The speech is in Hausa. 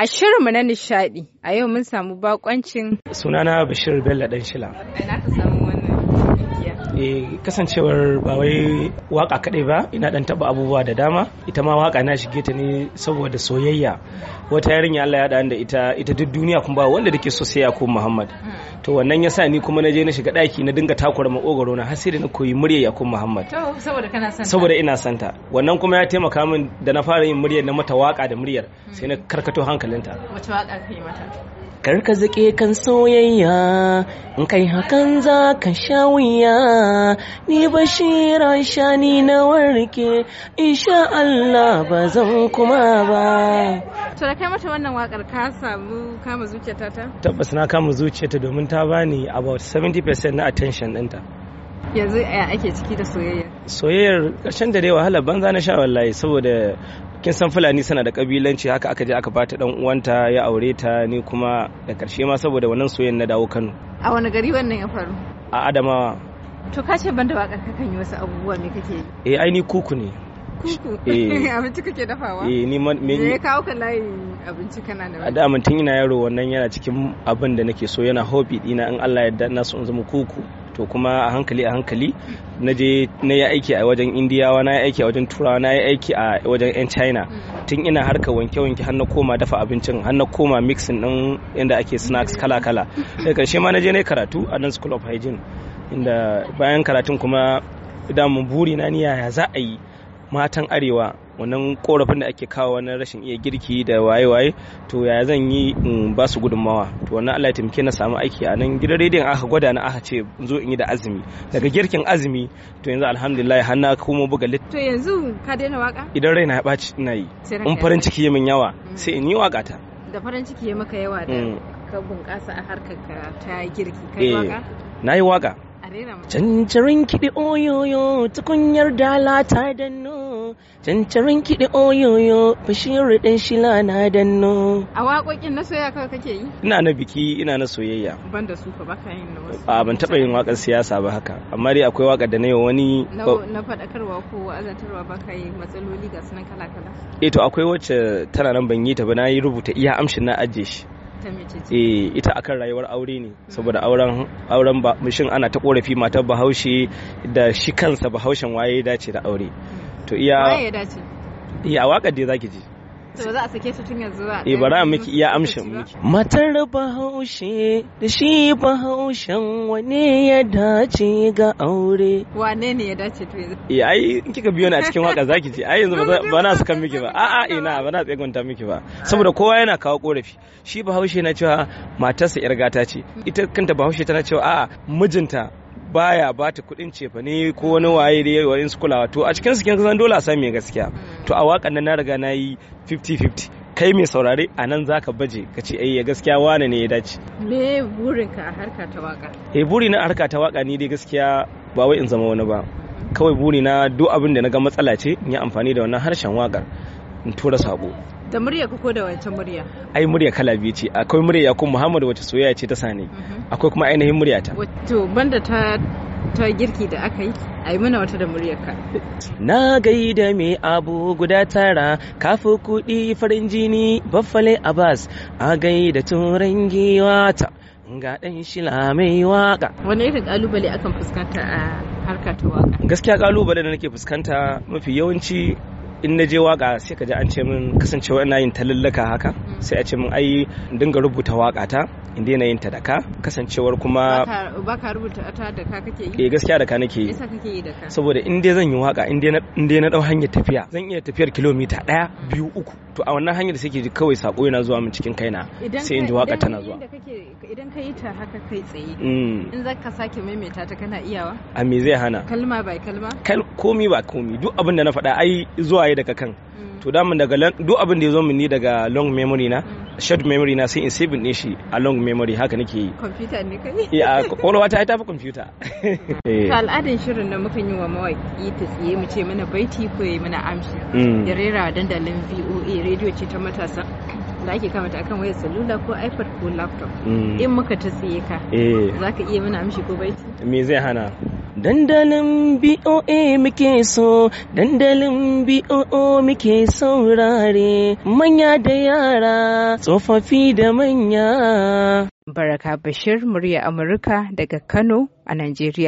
A shirinmu na nishaɗi a yau mun samu bakoncin. Sunana Bashir Bello ɗan shila. ka Eh, kasancewar ba wai waka kaɗai ba ina ɗan taɓa abubuwa da dama ita ma waka na shige ta ne saboda soyayya wata yarinya Allah ya da ita ita duk duniya kuma ba wanda dake so sai ko Muhammad hmm. to wannan yasa ni kuma na je na shiga ɗaki na dinga takura makogaro na har sai da na koyi murya Yakub Muhammad to saboda kana santa saboda ina santa wannan kuma ya taimaka min da na fara yin muryar na mata waka da muryar hmm. sai na karkato hankalinta wace waka kai mata karka zake kan soyayya in kai hakan za ka sha wuya ni bashira shani na warke insha Allah ba zan kuma ba to da kai mata wannan wakar ka samu kama zuciyata ta tabbas na kama zuciyata domin ta bani about 70% na attention ɗinta yanzu a ake ciki da soyayya soyayyar ƙarshen da dai wahala banza na sha wallahi saboda kin san fulani sana da kabilanci haka aka je aka bata dan uwanta ya aure ta ni kuma da karshe ma saboda wannan soyayyen na dawo Kano a wani gari wannan ya faru a Adamawa to ka ce banda wakar ka kan yi wasu abubuwa me kake yi eh ai ni kuku ne kuku eh abinci kake dafawa eh ni me ne kawo ka layi abinci kana da a da tun ina yaro wannan yana cikin abin da nake so yana hobby dina in Allah ya yarda na so in zama kuku to kuma a hankali a hankali na je na yi aiki a wajen indiyawa na yi aiki a wajen turawa na yi aiki a wajen yan china tun ina harka wanke wanke hannu koma dafa abincin hannu koma mixin ɗin inda ake snacks kala kala daga karshe ma na je na karatu a nan school of hygiene inda bayan karatun kuma damun buri na ni yaya za a yi matan arewa wannan korafin da ake kawo wannan rashin iya girki da waye-waye to yaya zan yi in ba su gudunmawa to wannan Allah ya taimake na samu aiki a nan gidan rediyon aka gwada na aka ce zo in yi da azumi daga girkin azumi to yanzu alhamdulillah har na kuma buga lit to yanzu ka daina waka idan raina ya ɓaci ina yi in farin ciki ya min yawa mm. sai in yi waka ta da farin ciki ya maka yawa da mm. ka bunƙasa a harkar ka ta girki kai eh, waka na yi waka Cancarin kiɗi oyoyo tukunyar da ta danno. Cancarin kiɗi oyoyo bashiru ɗan shila na danno. A waƙoƙin na soyayya kawai kake yi? Ina na biki ina na soyayya. Ban da su ka baka yin na wasu. A ban taɓa yin waƙar siyasa ba haka. Amma dai akwai waƙar da na yi wani. Na faɗakarwa ko wa'azantarwa ba ka yi matsaloli ga sunan kala-kala. Eh to akwai wacce tana nan ban yi ta ba na yi rubuta iya amshin na ajiye shi. eh ita akan rayuwar aure ne saboda auren auren ba mushin ana ta korafi matar bahaushe da shi kansa bahaushen waye ya dace da aure to iya waye ya dace iya waka dai zaki ji To za a sake su tun yanzu ba. Ibara eh, miki iya amshin miki. Matar bahaushe da shi bahaushen wane ya dace ga aure. Wane ne ya dace to yanzu? Eh ai in kika biyo ni a cikin waka zaki ce ai yanzu ba na sukan miki ba. A'a ina ba na tsegunta miki ba. Saboda kowa yana kawo korafi. Shi bahaushe na cewa matarsa yar gata ce. Ita kanta bahaushe tana cewa a'a mijinta baya ba ta kuɗin cefane ko wani waye da yawa in kulawa to a cikin su kin san dole a gaskiya to a wakan nan na riga na yi 50-50 kai mai saurare a nan za ka baje ka ce ya gaskiya wane ne ya dace. Me burinka a harka ta waka? Eh buri na harka ta waka ni dai gaskiya ba wai in zama wani ba. Kawai buri na duk abin da na ga matsala ce in yi amfani da wannan harshen wakar. in tura sabo da murya ko da wancan murya ai murya kala biyu ce akwai murya yakub muhammad wacce soyayya ce ta sani mm-hmm. akwai kuma ainihin murya ta Wato banda ta ta girki da aka yi a yi mana wata da muryarka. Na gaida mai abu guda tara kafin kuɗi farin jini baffale Abbas a gaida turan giwata ga ɗan shila mai waka. Wani irin ƙalubale akan fuskanta a harka ta waka? Gaskiya ƙalubale da nake fuskanta mafi yawanci in na je waka sai ka ji an ce min kasancewa ina yin talallaka haka mm. sai a ce min ai dinga rubuta waka ta in daina yin ta da ka kasancewar kuma ba ka rubuta ta da ka kake yi eh gaskiya daka nake yi kake yi da ka saboda in dai zan yi waka in dai na in dai na dau hanyar tafiya zan iya tafiyar kilomita 1 2 3 to a wannan hanyar sai ke ji kawai sako yana zuwa min cikin kaina sai in ji waka tana zuwa idan ka yi ta haka kai tsaye mm. in za ka sake maimaita ta kana iyawa a me zai hana kalma bai kalma komi ba komi duk abin da na faɗa ai zuwa yi daga kan mm. to damun daga duk abin da ya zo min ni daga long memory na mm. shared memory na sai in saving din shi a long memory haka nake yi computer ne kai ya eh, kwalwa ta tafi computer to al'adin shirin da muka yi wa mawaki ta tsiye mu ce mana baiti ko yi mana amshi da mm. rera dandalin VOA radio ce ta matasa da ake kamata akan wayar salula ko ipad ko laptop mm. in muka ta tsiye ka eh. za ka iya mana amshi ko baiti me zai hana dandalin BOA muke so dandalin BOA muke saurare manya da yara tsofaffi da manya Baraka Bashir murya Amurka daga Kano a Najeriya.